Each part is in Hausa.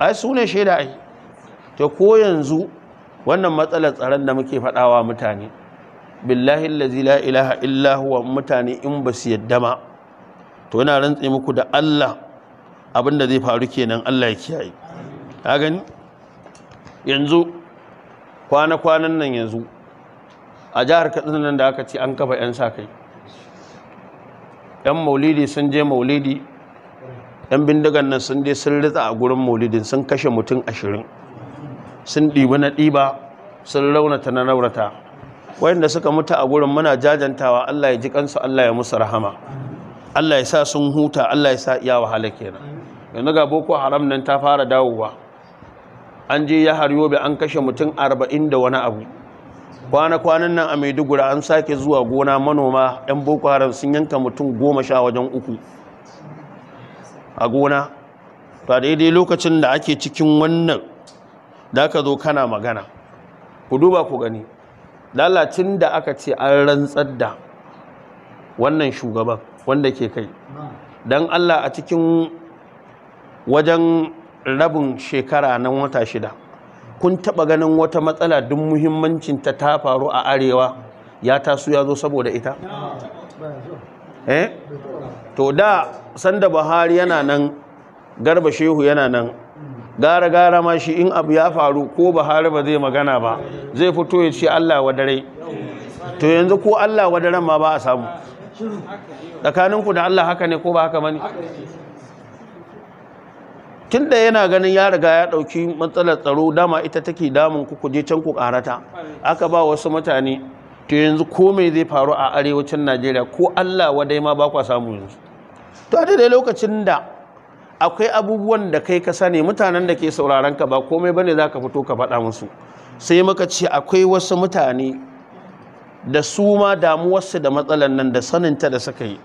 ai su ne shaida ai to ko yanzu wannan matsalar tsaron da muke faɗawa mutane billahi allazi la ilaha illa huwa mutane in ba su yadda ma to yana rantse muku da Allah abinda zai faru kenan Allah ya kiyaye ka gani yanzu kwana-kwanan nan yanzu a jihar Katsina nan da aka ce an kafa 'yan sa kai 'yan maulidi sun je maulidi yan bindigan nan sun je sun ritsa a gurin maulidin sun kashe mutum ashirin sun ɗiba na ɗiba sun raunata na raunata wayanda suka mutu a gurin muna jajantawa Allah ya ji kansu Allah ya musu rahama Allah ya sa sun huta Allah ya sa iya wahala kenan yanzu ga boko haram nan ta fara dawowa an je ya yobe an kashe mutum arba'in da wani abu kwana-kwanan nan a maiduguri an sake zuwa gona manoma 'yan boko haram sun yanka mutum goma sha wajen uku a gona ta daidai lokacin da ake cikin wannan da ka zo kana magana ku duba ku gani lalacin da aka ce an rantsar da wannan shugaban wanda ke kai don allah a cikin wajen rabin shekara nan wata shida kun taba ganin wata matsala duk muhimmancin ta ta faru a arewa ya taso ya zo saboda ita eh to da sanda buhari yana nan garba shehu yana nan gara gara ma shi in abu ya faru ko buhari ba zai magana ba zai fito ya ce allah wa dare. to yanzu ko allah wa daren ma ba a samu tsakaninku da allah haka ne ko ba haka mani tun da yana ganin ya riga ya ɗauki matsalar tsaro dama ita take damun ku kuje can ku ƙarata aka ba wasu mutane to yanzu ko mai zai faru a arewacin najeriya ko allah wadai ma ba kwa samu yanzu to a dai lokacin da akwai abubuwan da kai ka sani mutanen da ke sauraron ka ba komai bane za ka fito ka faɗa musu sai muka ce akwai wasu mutane da su ma damuwarsu da matsalan nan da saninta da suka yi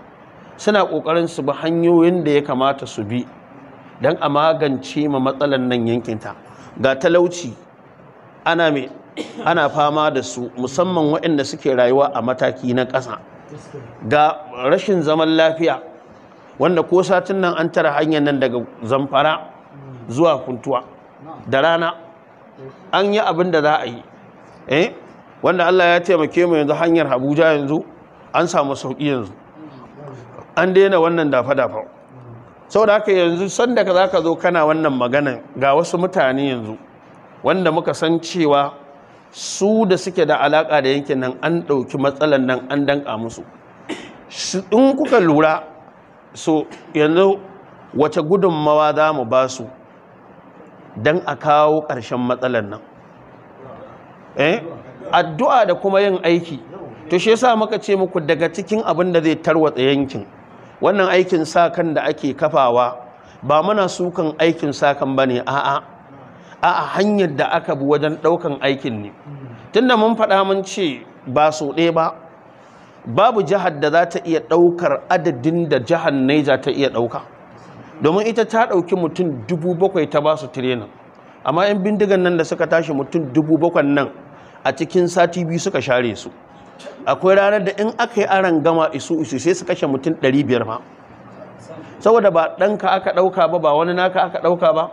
suna kokarin su bi hanyoyin da ya kamata su bi don a magance ma matsalan nan yankinta ga talauci ana mai ana fama da su musamman waɗanda suke rayuwa a mataki na ƙasa ga rashin zaman lafiya wanda ko satin nan an tara hanyar nan daga zamfara zuwa kuntuwa da rana an yi abin da za a yi eh? wanda Allah ya taimake mu yanzu hanyar Abuja yanzu an samu sauƙi yanzu an daina wannan dafa-dafa da haka yanzu sanda ka zaka zo kana wannan magana ga wasu mutane yanzu wanda muka san cewa su da suke da alaƙa da yankin nan an ɗauki matsalan nan an danƙa musu in kuka lura so yanzu wace gudunmawa za mu ba su don a kawo ƙarshen matsalar nan eh addu'a da kuma yin aiki to shi yasa muka ce muku daga cikin abin da zai tarwatsa yankin wannan aikin sa kan da ake kafawa ba muna sukan aikin sa kan bane a'a a'a hanyar da aka bi wajen ɗaukan aikin ne tunda mun faɗa mun ce ba so ɗaya ba babu jihar da za ta iya ɗaukar adadin da jihar Niger ta iya ɗauka domin ita ta ɗauki mutum dubu bakwai ta basu su tirenin amma 'yan bindigan nan da suka tashi mutum dubu bakwai nan a cikin sati biyu suka share su akwai ranar da in aka yi aron gama isu isu sai su kashe mutum ɗari biyar ma saboda ba ɗanka aka ɗauka ba ba wani naka aka ɗauka ba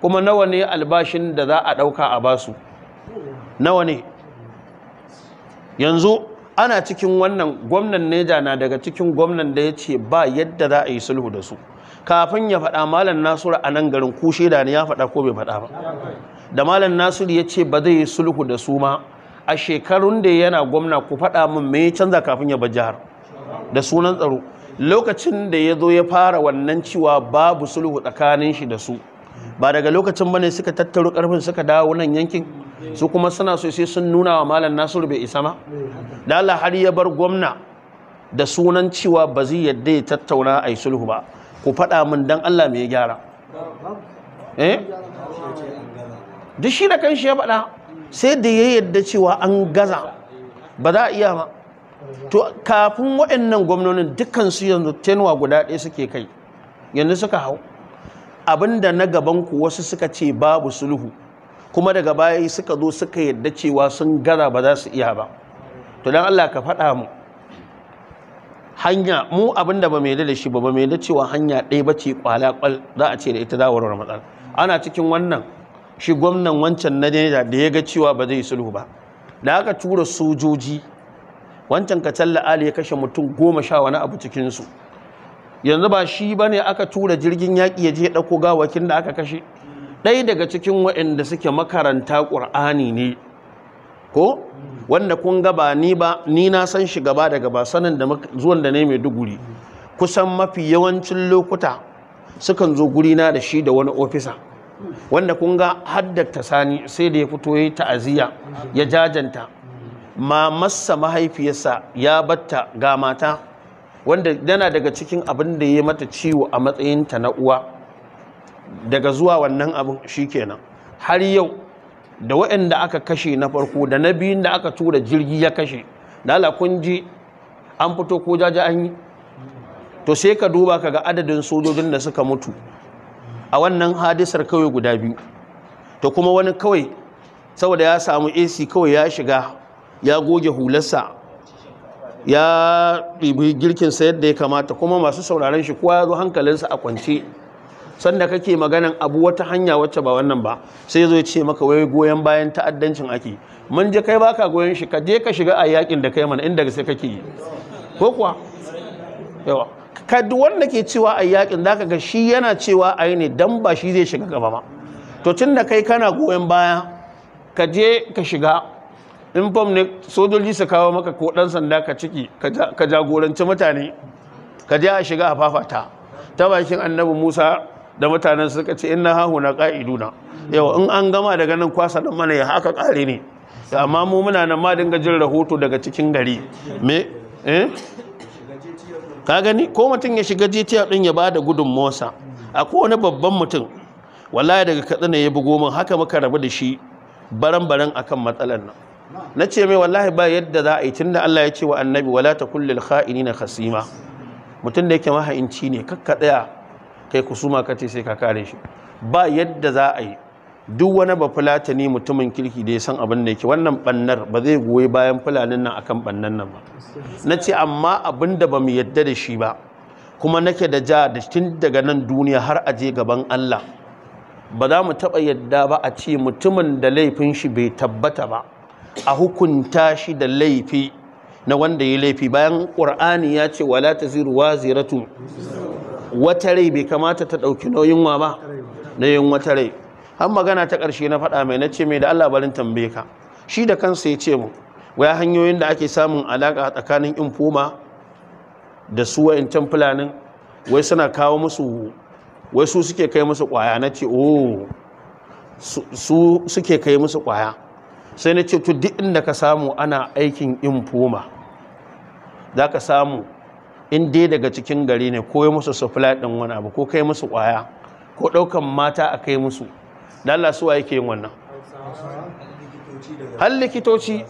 kuma nawa ne albashin da za a ɗauka a basu nawa ne yanzu ana cikin wannan gwamnan neja na daga cikin gwamnan da ya ce ba yadda za a yi sulhu da su kafin ya faɗa malam nasiru a nan garin kushe shaida ne ya faɗa ko bai faɗa ba da malam nasiru ya ce ba zai yi sulhu da su ma a shekarun da yana gwamna ku faɗa min me ya canza kafin ya bar jihar da sunan tsaro lokacin da ya zo ya fara wannan cewa babu sulhu tsakanin shi da su ba daga lokacin bane suka tattaro karfin suka dawo nan yankin su kuma suna so sai sun nuna wa malam nasiru bai isa ma da Allah har ya bar gwamna da sunan cewa ba zai yadda ya tattauna a sulhu ba ku faɗa min dan Allah mai gyara eh duk shi da kanshi ya faɗa sai da ya yadda cewa an gaza ba za a iya ma to kafin waɗannan gwamnonin su yanzu tenwa guda ɗaya suke kai yanzu suka hau abinda na gaban ku wasu suka ce babu sulhu kuma daga baya suka zo suka yadda cewa sun gara ba za su iya ba to dan Allah ka faɗa mu hanya mu abinda ba mai da shi ba ba mai da cewa hanya ɗaya ba ce kwalakwal za a ce da ita za warware ana cikin wannan shi gwamnan wancan na da ya ga cewa ba zai sulhu ba da aka tura sojoji wancan ka talla ali ya kashe mutum goma sha wani abu cikinsu yanzu ba shi ba ne aka tura jirgin yaƙi ya je ɗauko gawakin da aka kashe ɗaya daga cikin waɗanda suke makaranta ƙur'ani ne ko wanda kun gaba ni ba ni na san shi gaba daga ba sanin da zuwan da ne mai duguri kusan mafi yawancin lokuta sukan zo guri na da shi da wani ofisa wanda kun ga haddata sani sai da ya fito ya ta'aziyya ya jajanta mamarsa mahaifiyarsa ya batta ga mata wanda yana daga cikin abin da ya mata ciwo a matsayinta na uwa daga zuwa wannan abin shi kenan har yau da waɗanda aka kashe na farko da na biyun da aka tura jirgi ya kashe lala kun ji an fito ko jaji an yi to sai ka duba ka ga adadin sojojin da suka mutu a wannan hadisar kawai guda biyu to kuma wani kawai saboda ya samu AC kawai ya shiga ya goge hularsa ya ɗibi girkinsa yadda ya kamata kuma masu sauraron shi kowa ya zo hankalinsa a kwance sanda kake maganan abu wata hanya wacce ba wannan ba sai zo ce maka wai goyon bayan ta'addancin ake mun je kai baka goyon shi ka je ka shiga a yakin da kai mana inda sai kake yi ko kuwa yawa duk wanda ke cewa a yakin zaka ga shi yana cewa ai ne dan ba shi zai shiga gaba ma to tunda kai kana goyon baya ka je ka shiga in fam ne sojoji su kawo maka ko dan sanda ka ciki ka jagoranci mutane ka je a shiga a fafata ta bakin annabi Musa da mutanen suka ce ina hahu na na yau in an gama daga nan kwasa don mana ya haka kare ne amma mu muna nan ma dinga jin rahoto daga cikin gari me eh? ka gani ko mutum ya shiga jitiya din ya bada gudunmuwarsa akwai wani babban mutum wallahi daga katsina ya bugo min haka muka rabu da shi baran-baran akan matsalar nan na ce mai wallahi ba yadda za a yi tunda Allah ya ce wa annabi wala ta kullil na khasima mutum da yake maha'inci ne kakka tsaya kai kusuma kace sai ka kare shi ba yadda za a yi duk wani ba fulata ni mutumin kirki da ya san abin da yake wannan bannar ba zai goyi bayan fulanin nan akan bannan nan ba na ce amma abin da ba mu yadda da shi ba kuma nake da ja da tun daga nan duniya har a je gaban Allah ba za mu taɓa yadda ba a ce mutumin da laifin shi bai tabbata ba a hukunta shi da laifi na wanda ya laifi bayan ƙur'ani ya ce wala taziru wa ziratu wata rai bai kamata ta ɗauki nauyin wa ba nauyin wata rai an magana ta ƙarshe na faɗa mai na ce mai da Allah barin tambaye ka shi da kansa ya ce mu waya hanyoyin da ake samun alaƙa tsakanin infoma da su can fulanin wai suna kawo musu wai su suke kai musu ƙwaya na ce oh su suke kai musu ƙwaya sai na ce to duk inda ka samu ana aikin infoma za ka samu in dai daga cikin gari ne ko yi musu supply ɗin wani abu ko kai musu ƙwaya ko ɗaukan mata a kai musu da Allah suwa yake yin wannan har likitoci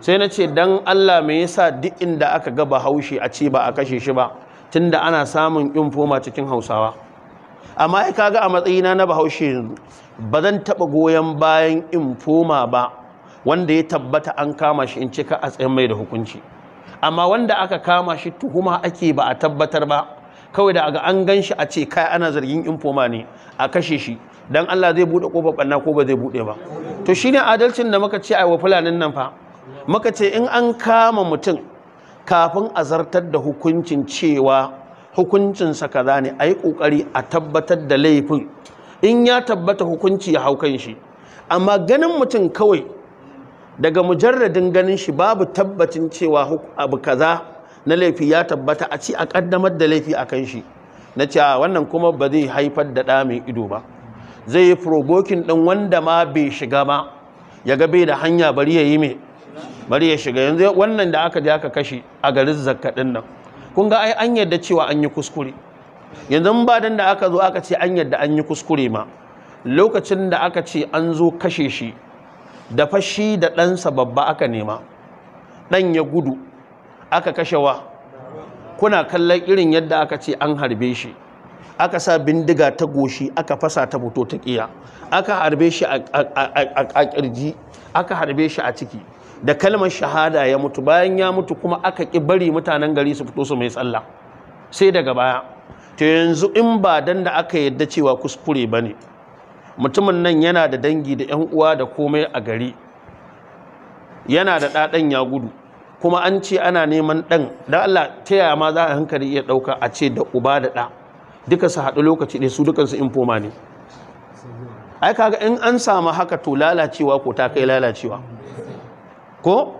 sai na ce dan Allah mai yasa duk inda aka ga bahaushe a ce ba a kashe shi ba tunda ana samun infoma cikin hausawa amma ya kaga a matsayina na bahaushe yanzu ba zan taɓa goyon bayan infoma ba wanda ya tabbata an kama shi in cika a tsayin mai da hukunci amma wanda aka kama shi tuhuma ake ba a tabbatar ba kawai da aga an gan shi a ce kai ana zargin infoma ne a kashe shi dan Allah zai bude kofar banna ko ba zai bude ba to shine adalcin da muka ce ai wa fulanin nan fa muka ce in an kama mutum kafin a zartar da hukuncin cewa hukuncinsa kaza ne ayi kokari a tabbatar da laifin in ya tabbata hukunci ya hau kan shi amma ganin mutum kawai daga mujarradin ganin shi babu tabbacin cewa abu kaza na laifi ya tabbata a ci a kaddamar da laifi a kan shi na ce wannan kuma ba zai haifar da ɗa mai ido ba zai yi furobokin ɗin wanda ma bai shiga ma ya ga bai da hanya bari ya yi mai bari ya shiga yanzu wannan da aka je aka kashe a garin zakkaɗin nan kun ga ai an yadda cewa an yi kuskure yanzu ba dan da aka zo aka ce an yadda an yi kuskure ma lokacin da aka ce an zo kashe shi da fashi da ɗansa babba aka nema ɗan ya gudu aka kashe wa kuna kallon irin yadda aka ce an harbe shi aka sa bindiga ta goshi aka fasa ta fito ta ƙiya aka harbe shi a ƙirji aka harbe shi a ciki da kalmar shahada ya mutu bayan ya mutu kuma aka ƙi bari mutanen gari su fito su mai tsalla sai daga baya to yanzu in ba dan da aka yadda cewa kuskure ba ne mutumin nan yana da dangi da 'yan uwa da komai a gari yana da ɗaɗan ya gudu kuma an ce ana neman ɗan da Allah ta yaya ma za a hankali iya ɗauka a ce da uba da ɗa duka su haɗu lokaci ne su dukansu infoma ne ai kaga in an samu haka to lalacewa ko ta kai lalacewa ko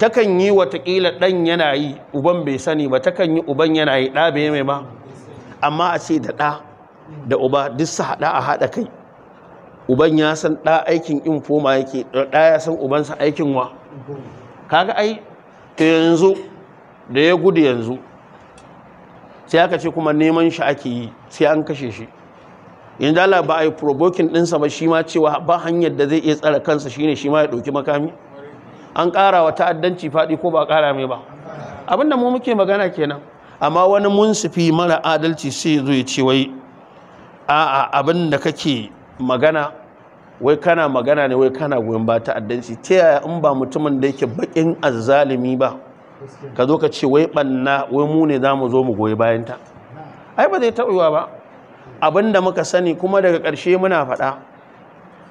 takan yi watakila ɗan yana yi uban bai sani ba takan yi uban yana yi ɗa bai mai ba amma a ce da ɗa da uba duk su haɗa a haɗa kai uban ya san ɗa aikin infoma yake ɗa ya san ubansa aikin wa kaga ai ta yanzu da ya gudu yanzu sai aka ce kuma neman shi ake yi sai an kashe shi yanzu ba a yi provoking ɗinsa ba shi ma cewa ba hanyar da zai iya tsara kansa shine shi ma ya ɗauki makami an ƙara wa ta'addanci faɗi ko ba a ƙara mai ba abinda mu muke magana kenan amma wani munsifi mara adalci sai zo ya ce wai a'a abin da kake magana wai kana magana ne wai kana goyon ba ta'addanci ta yaya in ba mutumin da yake bakin azzalimi ba ka zo ka ce wai banna wai mu ne za mu zo mu goyi bayanta. ta ai ba zai taɓuwa ba abin da muka sani kuma daga ƙarshe muna faɗa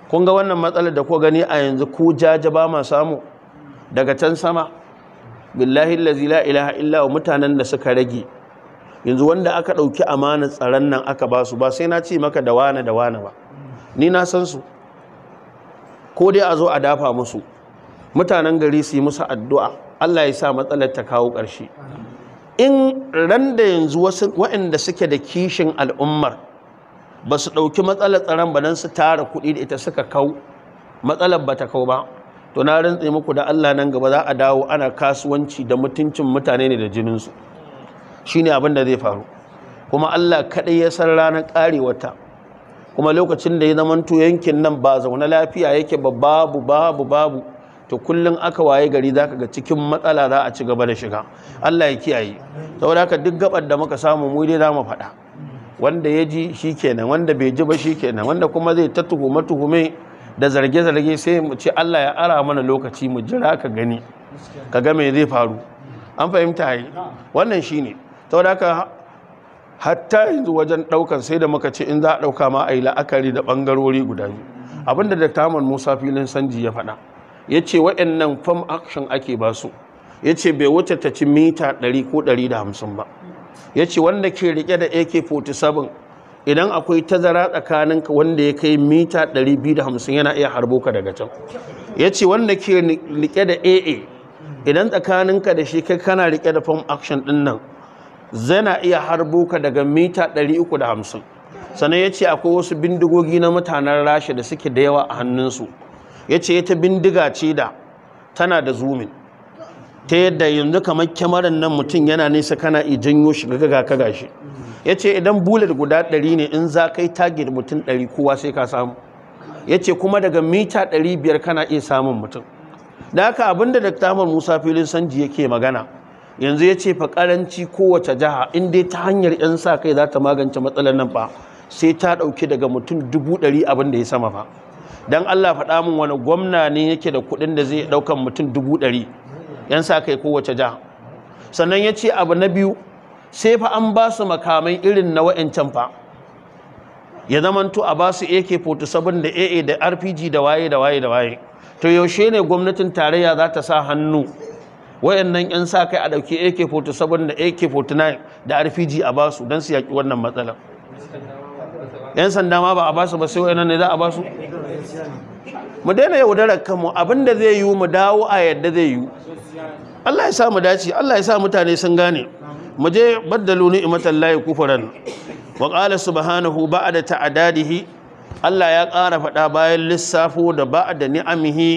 kun ga wannan matsalar da ku gani a yanzu ko jaja ba ma samu daga can sama billahi allazi la ilaha illa mutanen da suka rage yanzu wanda aka ɗauki amanar tsaron nan aka ba su ba sai na ce maka da wane da wane ba ni na san su ko dai a zo a dafa musu mutanen gari su yi musu addu'a Allah ya sa matsalar ta kawo ƙarshe in ran da yanzu waɗanda suke da kishin al'ummar ba su ɗauki matsalar tsaron ba don su tara kuɗi da ita suka kau matsalar ba ta kau ba to na rantse muku da Allah nan gaba za a dawo ana kasuwanci da mutuncin mutane ne da jininsu shine abin da zai faru kuma Allah kaɗai ya san ranar ƙarewata kuma lokacin da ya zamanto yankin nan ba zaune lafiya yake ba babu babu babu to kullum aka waye gari za ka ga cikin matsala za a ci gaba da shiga Allah ya kiyaye saboda haka duk gabar da muka samu mu dai za mu faɗa wanda ya ji shi kenan wanda bai ji ba shi kenan wanda kuma zai ta tuhume tuhume da zarge-zarge sai mu ce Allah ya ara mana lokaci mu jira ka gani ka ga me zai faru an fahimta yi wannan shine saboda haka hatta yanzu wajen ɗaukan sai da muka ce in za a ɗauka ma a yi la'akari da bangarori guda biyu abinda da taman musa filin sanji ya faɗa ya ce waɗannan fam action ake ba su ya ce bai wuce ta ci mita 100 ko 150 ba ya ce wanda ke riƙe da ak-47 idan akwai tazara tsakanin wanda ya kai mita 250 yana iya harbo ka daga can ya ce wanda ke riƙe da aa idan tsakaninka da shi kai kana rike da fam action ɗin nan zana iya harbo ka daga mita 350 sannan ya ce akwai wasu bindigogi na mutanen rasha da suke da yawa a hannunsu ya ce yata bindiga ce da tana da zumin ta yadda yanzu kamar kyamarar nan mutum yana nisa kana iya janyo shi ga ka gashi. ya ce idan bulet guda 100 ne in za kai tagir mutum 100 kowa sai ka samu ya ce kuma daga mita 500 kana iya samun mutum da haka abinda da tamar musa filin sanji yake magana yanzu ya ce fa karanci kowace jiha in dai ta hanyar 'yan sa kai za ta magance matsalar nan ba sai ta ɗauki daga mutum dubu ɗari abin da ya sama fa don allah faɗa min wani gwamna ne yake da kuɗin da zai ɗaukan mutum dubu ɗari 'yan sa kai kowace jiha sannan ya ce abu na biyu sai fa an ba su makamai irin na wa'ancan fa ya zamanto a ba su ak-47 da aa da rpg da waye da waye da waye to yaushe ne gwamnatin tarayya za ta sa hannu wayannan yan sa kai a dauki AK47 da AK49 da RPG a basu dan su yaki wannan matsalar yan sanda ma ba a basu ba sai wayannan ne za a basu mu daina yaudarar kanmu abinda zai yi mu dawo a yadda zai yi Allah ya sa mu dace Allah ya sa mutane sun gane mu je baddalu ni'matan lahi kufuran wa qala subhanahu ba'da ta'adadihi Allah ya ƙara faɗa bayan lissafo da ba'da ni'amihi